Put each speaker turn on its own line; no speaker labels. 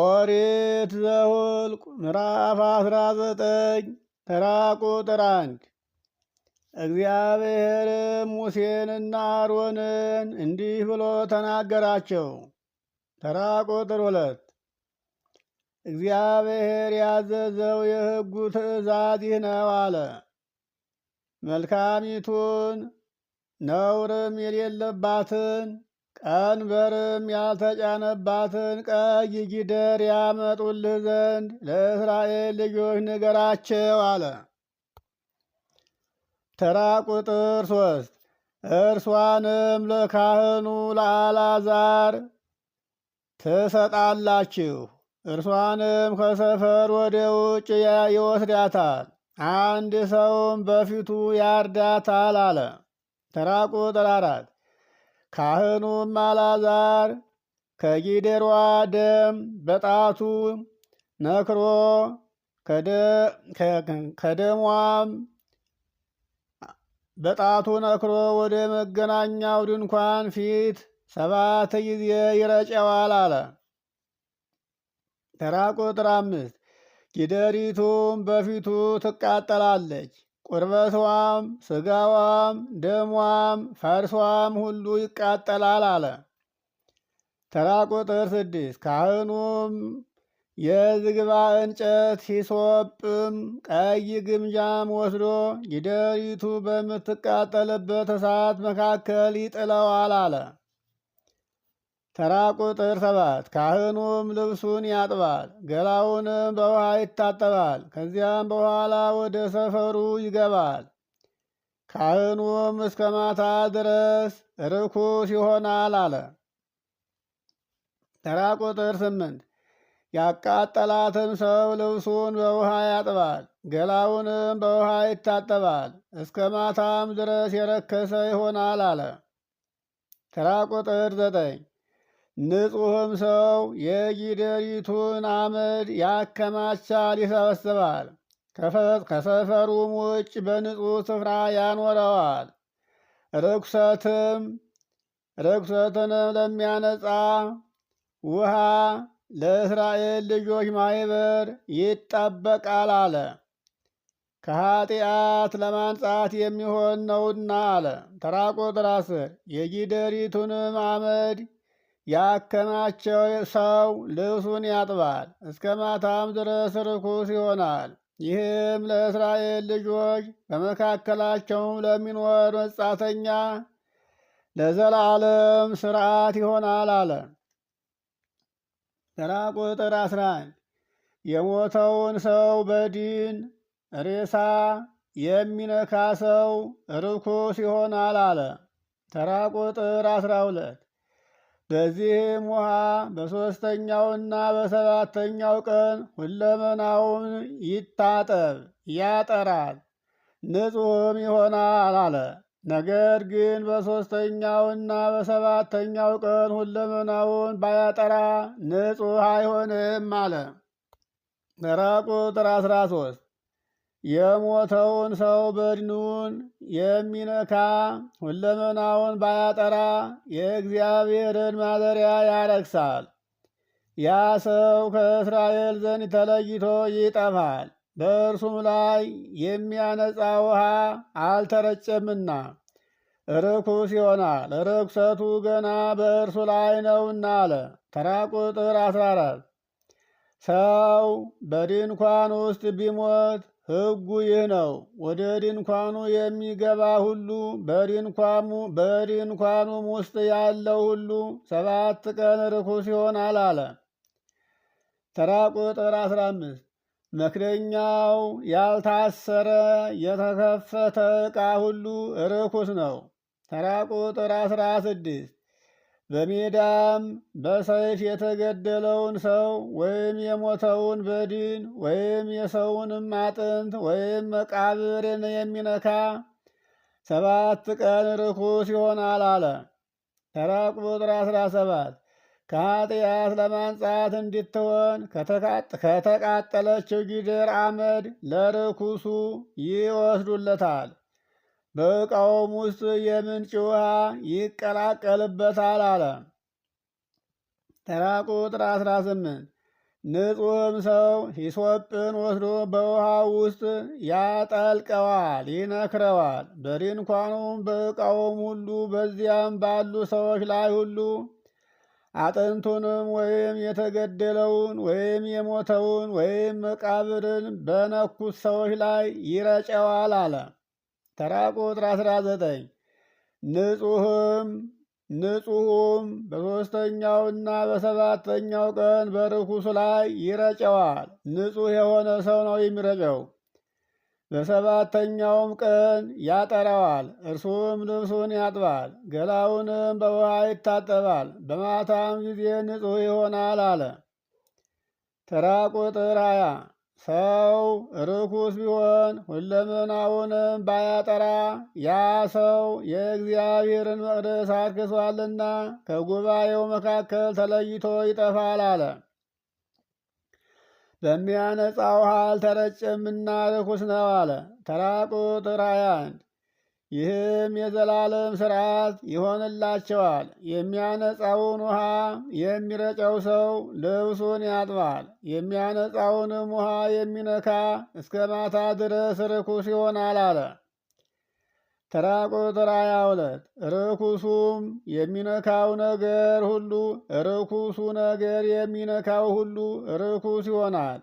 ኦሪት ዘኍልቍ ምዕራፍ አስራ ዘጠኝ ተራ ቁጥር አንድ እግዚአብሔርም ሙሴንና አሮንን እንዲህ ብሎ ተናገራቸው። ተራ ቁጥር ሁለት እግዚአብሔር ያዘዘው የሕጉ ትእዛዝ ይህ ነው አለ። መልካሚቱን ነውርም የሌለባትን ቀንበርም ያልተጫነባትን ቀይ ጊደር ያመጡልህ ዘንድ ለእስራኤል ልጆች ንገራቸው አለ። ተራ ቁጥር ሶስት እርሷንም ለካህኑ ለአላዛር ትሰጣላችሁ። እርሷንም ከሰፈር ወደ ውጭ ይወስዳታል፣ አንድ ሰውም በፊቱ ያርዳታል አለ። ተራ ቁጥር አራት ካህኑም አላዛር ከጊደሯ ደም በጣቱ ነክሮ ከደሟም በጣቱ ነክሮ ወደ መገናኛው ድንኳን ፊት ሰባት ጊዜ ይረጨዋል አለ። ተራ ቁጥር አምስት ጊደሪቱም በፊቱ ትቃጠላለች። ቁርበቷም ስጋዋም ደሟም ፈርሷም ሁሉ ይቃጠላል አለ። ተራ ቁጥር ስድስት ካህኑም የዝግባ እንጨት ሂሶጵም ቀይ ግምጃም ወስዶ ጊደሪቱ በምትቃጠልበት እሳት መካከል ይጥለዋል አለ። ተራ ቁጥር ሰባት ካህኑም ልብሱን ያጥባል፣ ገላውንም በውሃ ይታጠባል። ከዚያም በኋላ ወደ ሰፈሩ ይገባል። ካህኑም እስከ ማታ ድረስ ርኩስ ይሆናል አለ። ተራ ቁጥር ስምንት ያቃጠላትም ሰው ልብሱን በውሃ ያጥባል፣ ገላውንም በውሃ ይታጠባል፣ እስከ ማታም ድረስ የረከሰ ይሆናል አለ። ተራ ቁጥር ዘጠኝ ንጹሕም ሰው የጊደሪቱን አመድ ያከማቻል፣ ይሰበስባል፣ ከሰፈሩም ውጭ በንጹሕ ስፍራ ያኖረዋል። ርኩሰትም ርኩሰትንም ለሚያነጻ ውሃ ለእስራኤል ልጆች ማይበር ይጠበቃል አለ። ከኃጢአት ለማንጻት የሚሆን ነውና አለ። ተራ ቁጥር አስር የጊደሪቱንም አመድ ያከማቸው ሰው ልብሱን ያጥባል፣ እስከ ማታም ድረስ ርኩስ ይሆናል። ይህም ለእስራኤል ልጆች በመካከላቸውም ለሚኖር መጻተኛ ለዘላለም ስርዓት ይሆናል አለ። ተራ ቁጥር አስራ የሞተውን ሰው በድን ሬሳ የሚነካ ሰው ርኩስ ይሆናል አለ። ተራ ቁጥር አስራ ሁለት በዚህም ውሃ በሦስተኛውና በሰባተኛው ቀን ሁለመናውን ይታጠብ ያጠራል፣ ንጹሕም ይሆናል አለ። ነገር ግን በሦስተኛውና በሰባተኛው ቀን ሁለመናውን ባያጠራ ንጹሕ አይሆንም አለ። ምዕራፍ ቁጥር 13 የሞተውን ሰው በድኑን የሚነካ ሁለመናውን ባያጠራ የእግዚአብሔርን ማደሪያ ያረክሳል። ያ ሰው ከእስራኤል ዘንድ ተለይቶ ይጠፋል፣ በእርሱም ላይ የሚያነጻ ውሃ አልተረጨምና ርኩስ ይሆናል። ርኩሰቱ ገና በእርሱ ላይ ነውና አለ። ተራ ቁጥር 14 ሰው በድንኳን ውስጥ ቢሞት ሕጉ ይህ ነው። ወደ ድንኳኑ የሚገባ ሁሉ በድንኳኑም ውስጥ ያለው ሁሉ ሰባት ቀን ርኩስ ይሆናል አለ። ተራ ቁጥር 15 መክደኛው ያልታሰረ የተከፈተ ዕቃ ሁሉ ርኩስ ነው። ተራ ቁጥር 16 በሜዳም በሰይፍ የተገደለውን ሰው ወይም የሞተውን በድን ወይም የሰውንም አጥንት ወይም መቃብርን የሚነካ ሰባት ቀን ርኩስ ይሆናል አለ። ተራ ቁጥር 17 ከኃጢአት ለማንጻት እንድትሆን ከተቃጠለችው ጊደር አመድ ለርኩሱ ይወስዱለታል። በእቃውም ውስጥ የምንጭ ውሃ ይቀላቀልበታል አለ። ተራ ቁጥር 18 ንጹህም ሰው ሂሶጵን ወስዶ በውሃ ውስጥ ያጠልቀዋል፣ ይነክረዋል። በድንኳኑም በእቃውም ሁሉ በዚያም ባሉ ሰዎች ላይ ሁሉ አጥንቱንም ወይም የተገደለውን ወይም የሞተውን ወይም መቃብርን በነኩት ሰዎች ላይ ይረጨዋል አለ። ተራ ቁጥር 19 ዘጠኝ ንጹህም ንጹሁም በሦስተኛውና በሰባተኛው ቀን በርኩሱ ላይ ይረጨዋል። ንጹህ የሆነ ሰው ነው የሚረጨው። በሰባተኛውም ቀን ያጠራዋል። እርሱም ልብሱን ያጥባል፣ ገላውንም በውሃ ይታጠባል። በማታም ጊዜ ንጹህ ይሆናል አለ። ተራ ቁጥር አያ ሰው ርኩስ ቢሆን ሁለመናውንም ባያጠራ ያ ሰው የእግዚአብሔርን መቅደስ አርክሷልና ከጉባኤው መካከል ተለይቶ ይጠፋል አለ። በሚያነጻ ውሃ አልተረጨምና ርኩስ ነው አለ። ተራ ቁጥር 21 ይህም የዘላለም ሥርዓት ይሆንላቸዋል። የሚያነጻውን ውሃ የሚረጨው ሰው ልብሱን ያጥባል። የሚያነጻውንም ውሃ የሚነካ እስከ ማታ ድረስ ርኩስ ይሆናል አለ። ተራ ቁጥር ሃያ ሁለት ርኩሱም የሚነካው ነገር ሁሉ ርኩሱ ነገር የሚነካው ሁሉ ርኩስ ይሆናል።